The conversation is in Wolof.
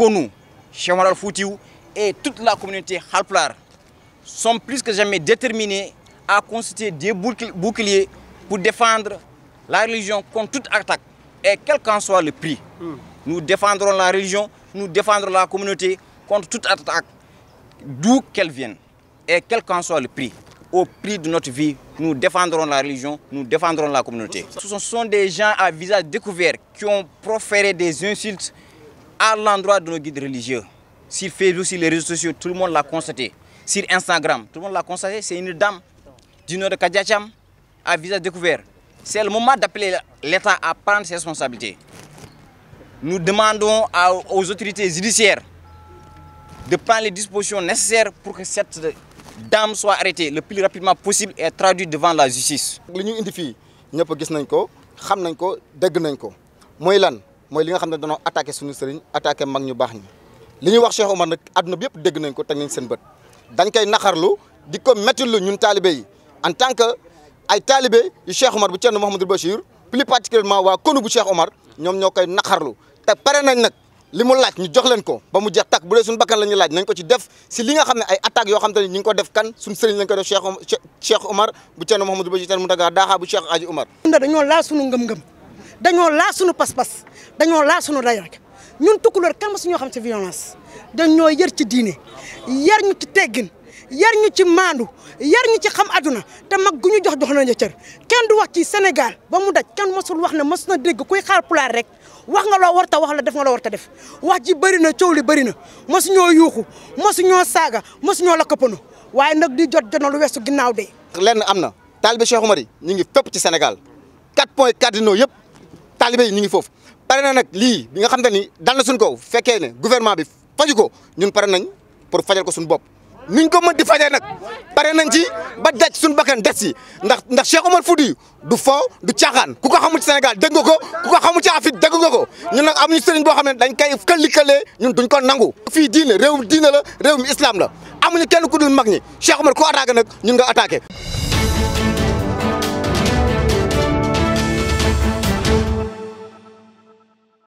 Konou, Chamaral Foutiou et toute la communauté Halplar sont plus que jamais déterminés à constituer des boucliers pour défendre la religion contre toute attaque et quel qu'en soit le prix. Hmm. Nous défendrons la religion, nous défendrons la communauté contre toute attaque, d'où qu'elle vienne et quel qu'en soit le prix. Au prix de notre vie, nous défendrons la religion, nous défendrons la communauté. Ce sont des gens à visage découvert qui ont proféré des insultes à l'endroit de nos guides religieux. Sur Facebook, sur les réseaux sociaux, tout le monde l'a constaté. Sur Instagram, tout le monde l'a constaté. C'est une dame du nord de Kadiacham à visage découvert. C'est le moment d'appeler l'État à prendre ses responsabilités. Nous demandons aux autorités judiciaires de prendre les dispositions nécessaires pour que cette dame soit arrêtée le plus rapidement possible et traduite devant la justice. moy li nga xamne ne attaquer suñu serigne attaquer mag ñu bax ñi li ñu wax Cheikh Omar nak aduna bi yëpp dégg nañ ko teg nañ seen bët dañ koy naxarlu diko metti ñun talibé yi en tant que ay talibé yu Cheikh Omar bu cenn mohamed Bachir plus particulièrement wa konu bu Cheikh Omar ñom ñokay naxarlu té paré nañ nak limu laaj ñu jox leen ko ba mu jé tak bu dee suñu bakkan lañu laaj nañ ko ci def ci li nga xamne ay attaque yo xamne ñu ko def kan suñu serigne lañ ko def Cheikh Cheikh Omar bu cenn mohamed Bachir mu daga Daaxa bu Cheikh Aji Omar. dañu la suñu ngëm-ngëm dañoo laa suñu pas-pas dañoo laa suñu day rek ñun tukkuloor kan ma suñoo xam ci violence dañoo yër ci diine yar ñu ci teggin yar ñu ci maandu yar ñu ci xam aduna te mag ñu jox jox nañu cër kenn du wax ci Sénégal ba mu daj kenn mosul wax ne mos na dégg kuy xaar pulaar rek wax nga loo war ta wax la def nga loo war ta def wax ji bëri na coow li bëri na mosu ñoo yuuxu mosu ñoo saaga mosu ñoo lakkapano waaye nag di jot jot na lu weesu ginnaaw de. lenn am na taalibe Cheikh Omar yi ñu ngi fépp ci Sénégal quatre points cardinaux yëpp. taalibe yi ñu ngi foofu pare na nag lii bi nga xam te ni dal na suñ kaw fekkee ne gouvernement bi faju ko ñun pare nañ pour fajal ko suñu bopp nuñ ko mën di fajee nag pare nañ ci ba daj suñu bakkan des ci ndax ndax Cheikh Omar Foutiyou du foo du caaxaan ku ko xamul ci Sénégal dégg nga ko ku ko xamul ci Afrique dégg nga ko ñun nag amuñu boo xam ne dañ koy këllikalee ñun duñ ko nangu fii diine réew diine la réew mi islam la amuñu kenn ku dul mag ñi Cheikh Omar ko attaqué nag ñun nga attaqué